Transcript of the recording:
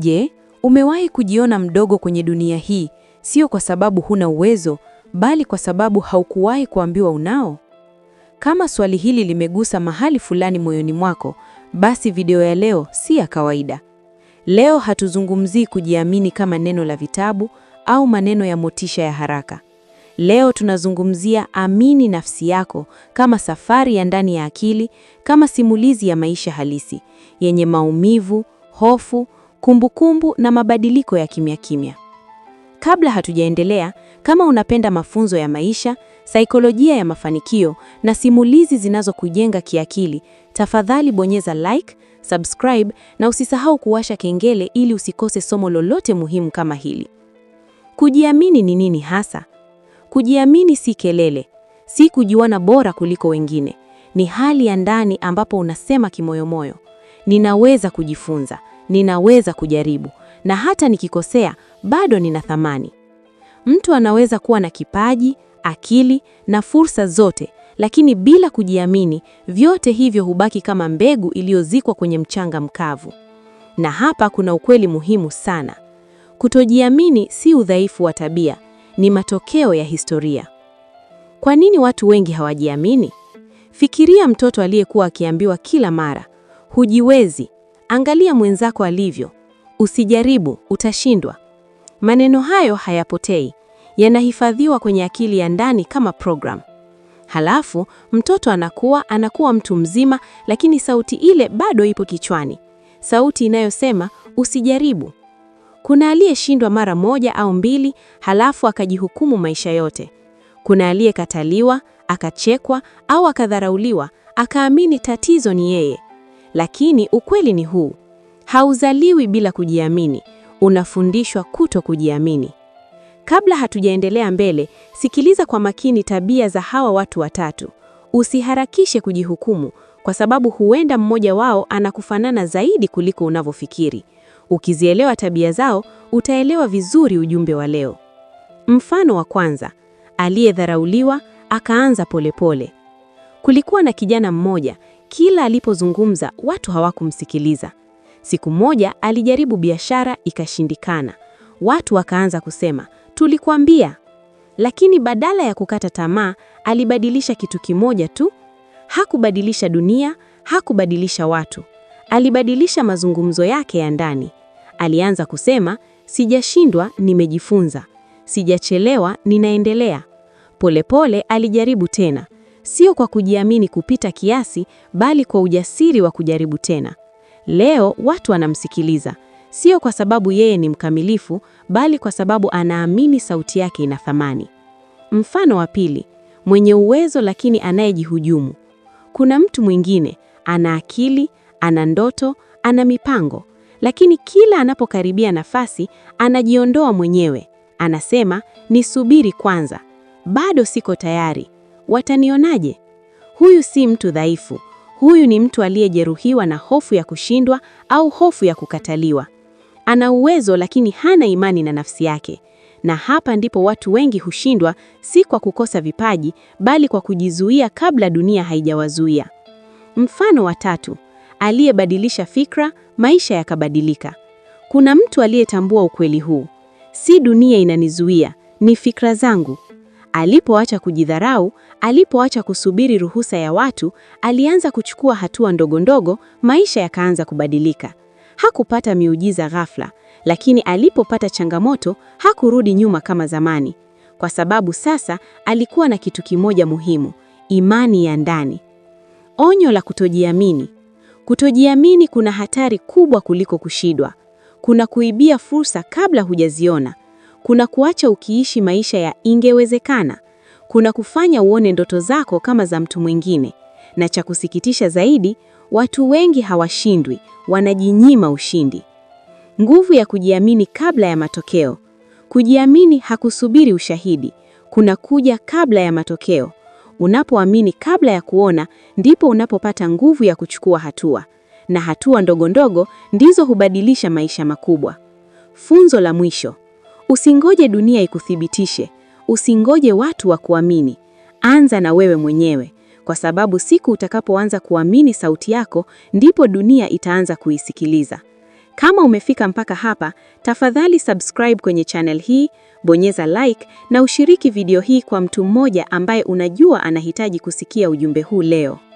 Je, umewahi kujiona mdogo kwenye dunia hii, sio kwa sababu huna uwezo, bali kwa sababu haukuwahi kuambiwa unao? Kama swali hili limegusa mahali fulani moyoni mwako, basi video ya leo si ya kawaida. Leo hatuzungumzii kujiamini kama neno la vitabu au maneno ya motisha ya haraka. Leo tunazungumzia amini nafsi yako kama safari ya ndani ya akili, kama simulizi ya maisha halisi yenye maumivu, hofu kumbukumbu na mabadiliko ya kimya kimya. Kabla hatujaendelea, kama unapenda mafunzo ya maisha, saikolojia ya mafanikio na simulizi zinazokujenga kiakili, tafadhali bonyeza like, subscribe na usisahau kuwasha kengele ili usikose somo lolote muhimu kama hili. Kujiamini ni nini hasa? Kujiamini si kelele, si kujiona bora kuliko wengine. Ni hali ya ndani ambapo unasema kimoyomoyo, ninaweza kujifunza, ninaweza kujaribu, na hata nikikosea bado nina thamani. Mtu anaweza kuwa na kipaji, akili na fursa zote, lakini bila kujiamini, vyote hivyo hubaki kama mbegu iliyozikwa kwenye mchanga mkavu. Na hapa kuna ukweli muhimu sana. Kutojiamini si udhaifu wa tabia, ni matokeo ya historia. Kwa nini watu wengi hawajiamini? Fikiria mtoto aliyekuwa akiambiwa kila mara, hujiwezi, Angalia mwenzako alivyo, usijaribu, utashindwa. Maneno hayo hayapotei, yanahifadhiwa kwenye akili ya ndani kama program. Halafu mtoto anakuwa anakuwa mtu mzima, lakini sauti ile bado ipo kichwani, sauti inayosema usijaribu. Kuna aliyeshindwa mara moja au mbili, halafu akajihukumu maisha yote. Kuna aliyekataliwa, akachekwa au akadharauliwa, akaamini tatizo ni yeye. Lakini ukweli ni huu, hauzaliwi bila kujiamini, unafundishwa kuto kujiamini. Kabla hatujaendelea mbele, sikiliza kwa makini tabia za hawa watu watatu. Usiharakishe kujihukumu, kwa sababu huenda mmoja wao anakufanana zaidi kuliko unavyofikiri. Ukizielewa tabia zao, utaelewa vizuri ujumbe wa leo. Mfano wa kwanza, aliyedharauliwa akaanza polepole. Kulikuwa na kijana mmoja kila alipozungumza watu hawakumsikiliza. Siku moja alijaribu biashara ikashindikana. Watu wakaanza kusema, "Tulikuambia." Lakini badala ya kukata tamaa, alibadilisha kitu kimoja tu. Hakubadilisha dunia, hakubadilisha watu. Alibadilisha mazungumzo yake ya ndani. Alianza kusema, "Sijashindwa, nimejifunza. Sijachelewa, ninaendelea." Polepole alijaribu tena sio kwa kujiamini kupita kiasi, bali kwa ujasiri wa kujaribu tena. Leo watu wanamsikiliza sio kwa sababu yeye ni mkamilifu, bali kwa sababu anaamini sauti yake ina thamani. Mfano wa pili, mwenye uwezo lakini anayejihujumu. Kuna mtu mwingine ana akili, ana ndoto, ana mipango, lakini kila anapokaribia nafasi anajiondoa mwenyewe. Anasema, nisubiri kwanza, bado siko tayari, Watanionaje? Huyu si mtu dhaifu. Huyu ni mtu aliyejeruhiwa na hofu ya kushindwa au hofu ya kukataliwa. Ana uwezo lakini hana imani na nafsi yake. Na hapa ndipo watu wengi hushindwa, si kwa kukosa vipaji, bali kwa kujizuia kabla dunia haijawazuia. Mfano wa tatu, aliyebadilisha fikra, maisha yakabadilika. Kuna mtu aliyetambua ukweli huu: si dunia inanizuia, ni fikra zangu. Alipoacha kujidharau, alipoacha kusubiri ruhusa ya watu, alianza kuchukua hatua ndogo ndogo, maisha yakaanza kubadilika. Hakupata miujiza ghafla, lakini alipopata changamoto, hakurudi nyuma kama zamani. Kwa sababu sasa alikuwa na kitu kimoja muhimu, imani ya ndani. Onyo la kutojiamini. Kutojiamini kuna hatari kubwa kuliko kushindwa. Kuna kuibia fursa kabla hujaziona kuna kuacha ukiishi maisha ya ingewezekana, kuna kufanya uone ndoto zako kama za mtu mwingine, na cha kusikitisha zaidi, watu wengi hawashindwi, wanajinyima ushindi. Nguvu ya kujiamini kabla ya matokeo. Kujiamini hakusubiri ushahidi, kuna kuja kabla ya matokeo. Unapoamini kabla ya kuona, ndipo unapopata nguvu ya kuchukua hatua, na hatua ndogo ndogo ndizo hubadilisha maisha makubwa. Funzo la mwisho: Usingoje dunia ikuthibitishe, usingoje watu wa kuamini. Anza na wewe mwenyewe, kwa sababu siku utakapoanza kuamini sauti yako, ndipo dunia itaanza kuisikiliza. Kama umefika mpaka hapa, tafadhali subscribe kwenye channel hii, bonyeza like na ushiriki video hii kwa mtu mmoja ambaye unajua anahitaji kusikia ujumbe huu leo.